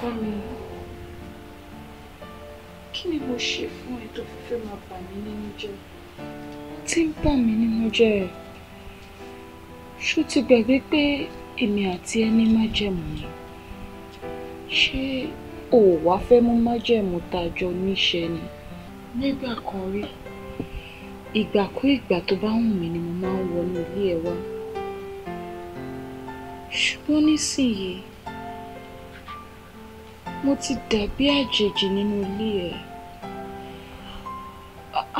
ọkọ mi kí ni mo ṣe fún ẹ tó fi fẹ́ máa bà mí nínú jẹ́ tí ń bà mí nínú jẹ́ ẹ̀ ṣó ti gbàgbé pé èmi àti ẹni májẹ̀mú ni ṣé o wá fẹ́ mú májẹ̀mú tá a jọ níṣẹ́ ni nígbà kan rí ìgbà kú ìgbà tó bá wù mí ni mo máa ń wọnú ilé ẹ wá ṣùgbọ́n nísìnyìí mo ti dàbí àjèjì nínú ilé ẹ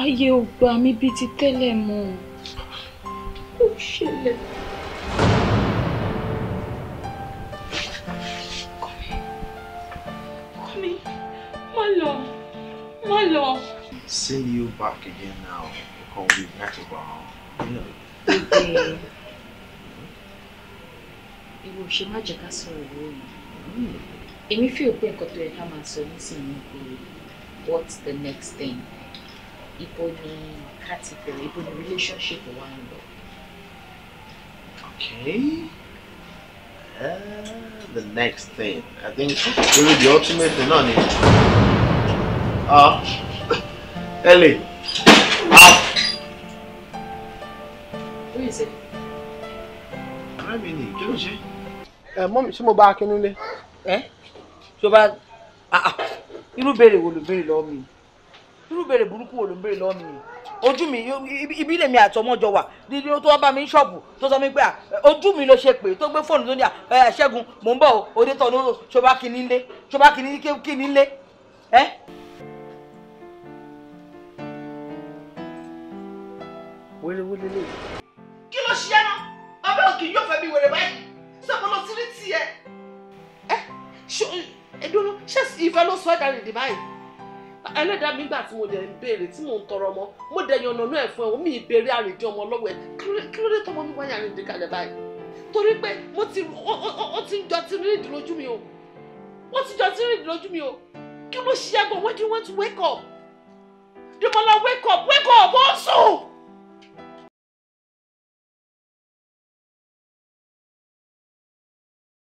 ayé ò gbà mí bíi ti tẹ́lẹ̀ mọ́ ó ṣẹlẹ̀. Kọ́mi Kọ́mi Send you back again now because we got to go home. Ìwọ ṣe má jẹ́ ká èmi fi òpin nǹkan tó yẹ ká máa sọ nísìnyí kò what's the next thing ibo ni ká ti bẹ̀rẹ̀ ibo ni relationship wa ń lọ. okay uh, the next thing i think really the ultimate thing náà ni ẹlẹ. Uh, uh. who is it. ọ̀rẹ́ mi ni kí ló ṣe. ẹ̀ ṣé mo bá a kínú lé tí o bá ah, ah, irú béèrè wo ló béèrè lọ́wọ́ mi irú béèrè burúkú wo ló béèrè lọ́wọ́ mi ojú mi ibi lèmi àtọmọjọ wà dídí tó bá mi ń ṣọ́ọ̀bù tó sọ mi pé ah, ojú mi ló ṣe pé tó gbé fóònù tó ní à ṣẹ́gun mò ń bọ̀ òde tọ̀ lóró ṣọba kìíní lé ṣọba kìíní lé ẹ́. wéréwó lélẹ̀. kí ló ṣe ẹ́ náà abẹ́ òkè yóò fẹ́ mi wèrè báyìí sọ́kọ́ lọ sí ní tiẹ̀ ẹdúró ṣé ìfẹ́ ló sọ ẹ̀dá nìdí báyìí ẹlẹ́dàá mi gbà tí mo dẹ̀ ń béèrè tí mo ń tọrọ ọmọ mo dẹ̀ yan ọ̀nà ẹ̀ fún ẹ̀ omi ìbéèrè àrìndí ọmọ lọ́wọ́ ẹ̀ kí ló dé tọmọ mi wáyà àrìndí kalẹ̀ báyìí torí pé mo ti ó ti ń jọ ti rí ìdílójú mi o ó ti jọ ti rí ìdílójú mi o kí ló ṣe é gan when do you want to wake up? Dùmọ̀lá wake up wake up ó sùn.